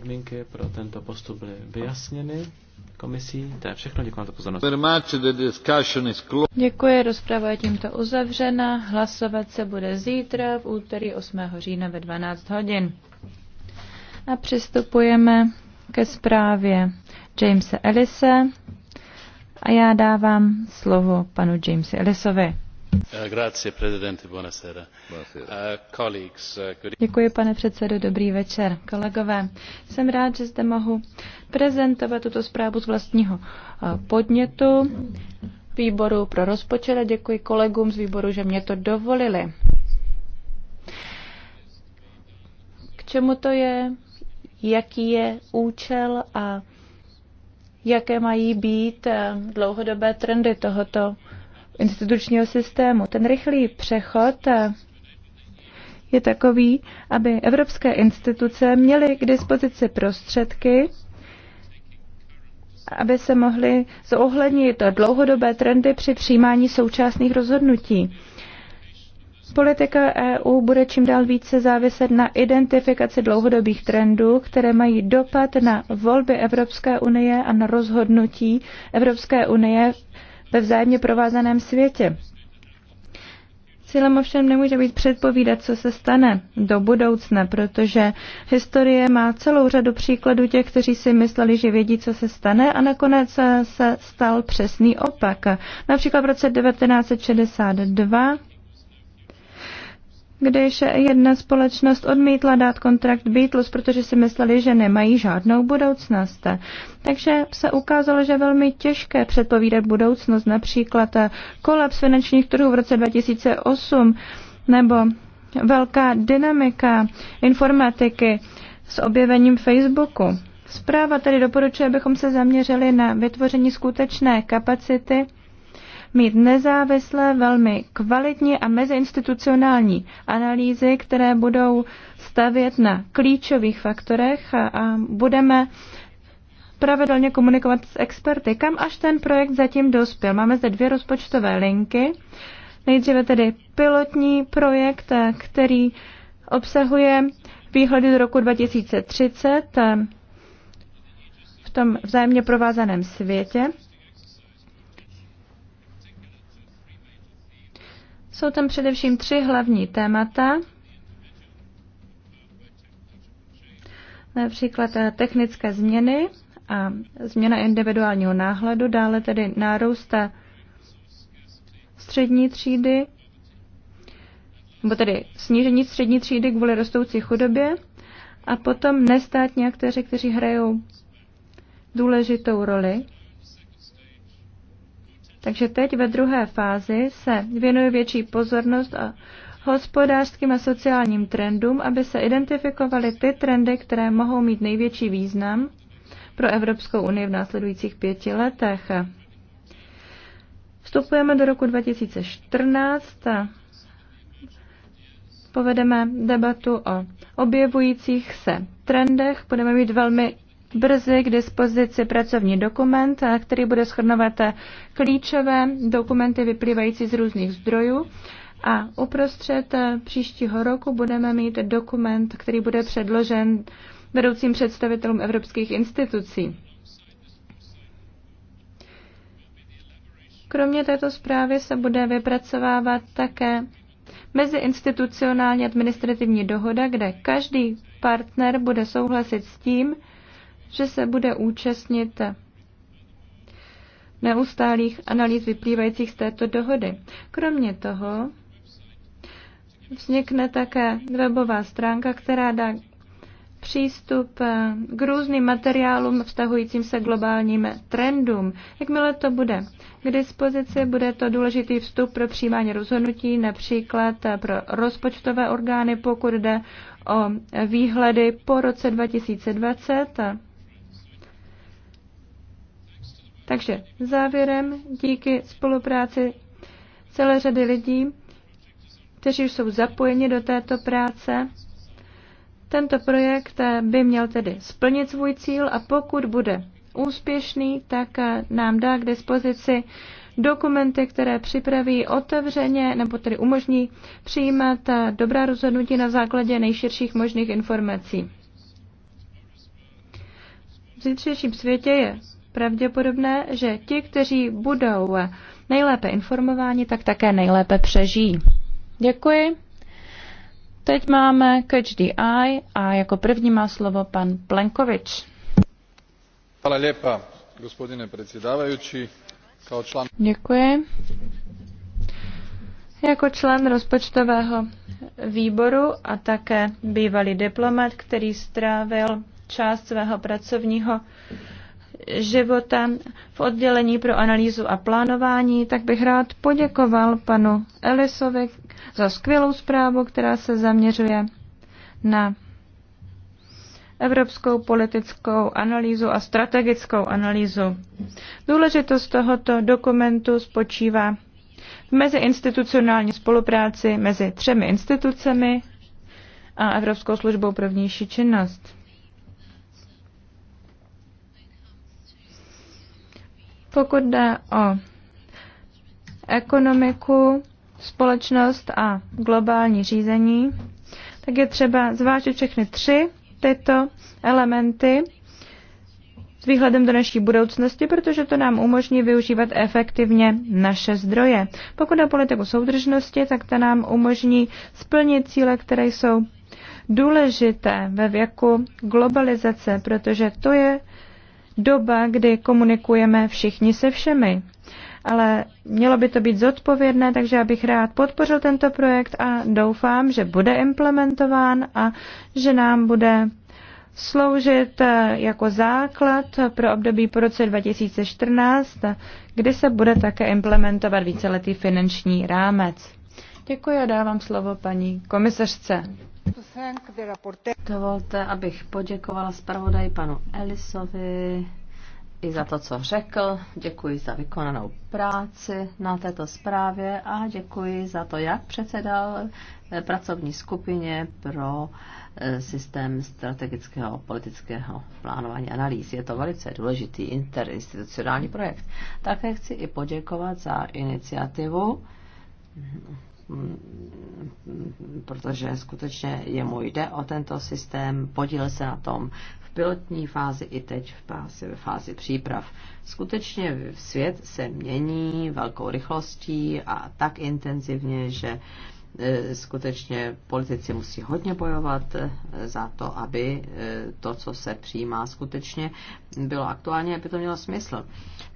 podmínky pro tento postup byly vyjasněny komisí. To je všechno, děkuji za pozornost. Děkuji, rozprava je tímto uzavřena. Hlasovat se bude zítra v úterý 8. října ve 12 hodin. A přistupujeme ke zprávě Jamesa Ellise a já dávám slovo panu Jamesi Ellisovi. Eh, eh, eh, děkuji, pane předsedající dobrý večer. Kolegové, jsem rád, že zde mohu prezentovat tuto zprávu z vlastního podnětu výboru pro rozpočet a děkuji kolegům z výboru, že mě to dovolili. K čemu to je, jaký je účel a jaké mají být dlouhodobé trendy tohoto institučního systému. Ten rychlý přechod eh, je takový, aby evropské instituce měly k dispozici prostředky, aby se mohly zohlednit dlouhodobé trendy při přijímání současných rozhodnutí. Politika EU bude čím dál více záviset na identifikaci dlouhodobých trendů, které mají dopad na volby Evropské unie a na rozhodnutí Evropské unie ve vzájemně provázaném světě. Cílem ovšem nemůže být předpovídat, co se stane do budoucna, protože historie má celou řadu příkladů těch, kteří si mysleli, že vědí, co se stane a nakonec se stal přesný opak. Například v roce 1962 když jedna společnost odmítla dát kontrakt Beatles, protože si mysleli, že nemají žádnou budoucnost. Takže se ukázalo, že je velmi těžké předpovídat budoucnost, například kolaps finančních trhů v roce 2008 nebo velká dynamika informatiky s objevením Facebooku. Zpráva tedy doporučuje, abychom se zaměřili na vytvoření skutečné kapacity mít nezávislé, velmi kvalitní a meziinstitucionální analýzy, které budou stavět na klíčových faktorech a, a budeme pravidelně komunikovat s experty, kam až ten projekt zatím dospěl. Máme zde dvě rozpočtové linky. Nejdříve tedy pilotní projekt, eh, který obsahuje výhledy do roku 2030 eh, v tom vzájemně provázaném světě. Jsou tam především tři hlavní témata. Například eh, technické změny a změna individuálního náhledu, dále tedy nárůst eh, střední třídy, nebo tedy snížení střední třídy kvůli rostoucí chudobě a potom nestátní aktéři, kteří hrajou důležitou roli takže teď ve druhé fázi se věnuju větší pozornost a hospodářským a sociálním trendům, aby se identifikovaly ty trendy, které mohou mít největší význam pro Evropskou unii v následujících pěti letech. Vstupujeme do roku 2014. Povedeme debatu o objevujících se trendech. Budeme mít velmi brzy k dispozici pracovní dokument, který bude schrnovat klíčové dokumenty vyplývající z různých zdrojů. A uprostřed příštího roku budeme mít dokument, který bude předložen vedoucím představitelům evropských institucí. Kromě této zprávy se bude vypracovávat také meziinstitucionální administrativní dohoda, kde každý partner bude souhlasit s tím, že se bude účastnit neustálých analýz vyplývajících z této dohody. Kromě toho vznikne také webová stránka, která dá přístup k různým materiálům vztahujícím se globálním trendům. Jakmile to bude k dispozici, bude to důležitý vstup pro přijímání rozhodnutí, například pro rozpočtové orgány, pokud jde o výhledy po roce 2020 takže závěrem díky spolupráci celé řady lidí, kteří jsou zapojeni do této práce, tento projekt by měl tedy splnit svůj cíl a pokud bude úspěšný, tak nám dá k dispozici dokumenty, které připraví otevřeně nebo tedy umožní přijímat dobrá rozhodnutí na základě nejširších možných informací. V zítřejším světě je pravděpodobné, že ti, kteří budou nejlépe informováni, tak také nejlépe přežijí. Děkuji. Teď máme Catch the Eye a jako první má slovo pan Plenkovič. Hvala lepa, gospodine predsjedavajući. Děkuji. Jako člen rozpočtového výboru a také bývalý diplomat, který strávil část svého pracovního života v oddělení pro analýzu a plánování, tak bych rád poděkoval panu Elisovi za skvělou zprávu, která se zaměřuje na evropskou politickou analýzu a strategickou analýzu. Důležitost tohoto dokumentu spočívá v meziinstitucionální spolupráci mezi třemi institucemi a Evropskou službou pro vnější činnost. Pokud jde o ekonomiku, společnost a globální řízení, tak je třeba zvážit všechny tři tyto elementy s výhledem do naší budoucnosti, protože to nám umožní využívat efektivně naše zdroje. Pokud na politiku soudržnosti, tak to nám umožní splnit cíle, které jsou důležité ve věku globalizace, protože to je doba, kdy komunikujeme všichni se všemi. Ale mělo by to být zodpovědné, takže já bych rád podpořil tento projekt a doufám, že bude implementován a že nám bude sloužit eh, jako základ pro období po roce 2014, kdy se bude také implementovat víceletý finanční rámec. Děkuji a dávám slovo paní komisařce. Dovolte, abych poděkovala zpravodaji panu Elisovi i za to, co řekl. Děkuji za vykonanou práci na této zprávě a děkuji za to, jak předsedal eh, pracovní skupině pro eh, systém strategického politického plánování analýz. Je to velice důležitý interinstitucionální projekt. Také chci i poděkovat za iniciativu protože skutečně jemu jde o tento systém, podílel se na tom pilotní fázi i teď v fázi, v fázi příprav. Skutečně svět se mění velkou rychlostí a tak intenzivně, že e, skutečně politici musí hodně bojovat e, za to, aby e, to, co se přijímá, skutečně bylo aktuálně, aby to mělo smysl.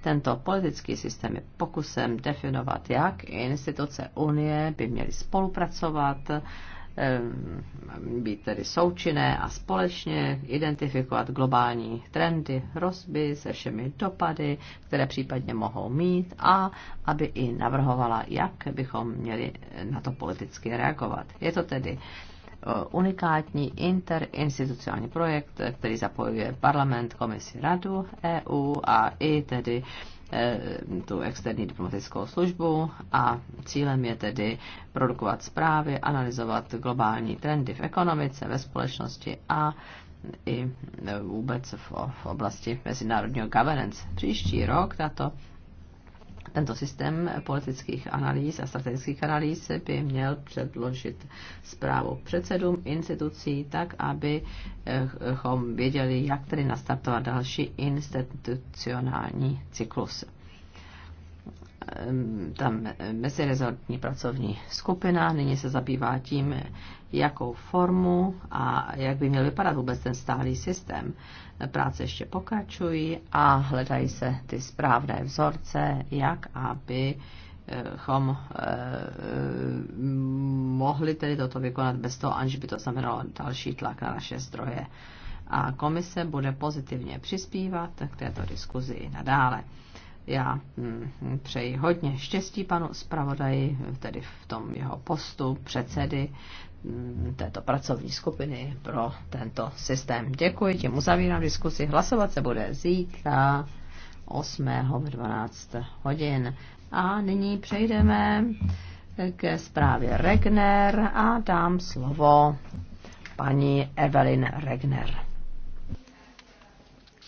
Tento politický systém je pokusem definovat, jak instituce Unie by měly spolupracovat Ehm, být tedy součinné a společně identifikovat globální trendy, hrozby se všemi dopady, které případně mohou mít a aby i navrhovala, jak bychom měli na to politicky reagovat. Je to tedy e, unikátní interinstitucionální projekt, který zapojuje parlament, komisi, radu EU a i tedy Eh, tu externí diplomatickou službu a cílem je tedy produkovat zprávy, analyzovat globální trendy v ekonomice, ve společnosti a i eh, vůbec v, oblasti mezinárodního governance. Příští rok tato tento systém politických analýz a strategických analýz by měl předložit zprávu předsedům institucí, tak abychom eh, věděli, jak tedy nastartovat další institucionální cyklus. Ehm, tam mezirezortní pracovní skupina nyní se zabývá tím, jakou formu a jak by měl vypadat vůbec ten stálý systém. Práce ještě pokračují a hledají se ty správné vzorce, jak aby chom ehm, mohli tedy toto vykonat bez toho, aniž by to znamenalo další tlak na naše zdroje. A komise bude pozitivně přispívat k této diskuzi nadále já mm, přeji hodně štěstí panu zpravodaji, tedy v tom jeho postu předsedy mm, této pracovní skupiny pro tento systém. Děkuji, tím uzavírám diskusi. Hlasovat se bude zítra 8. v 12 hodin. A nyní přejdeme ke zprávě Regner a dám slovo paní Evelyn Regner.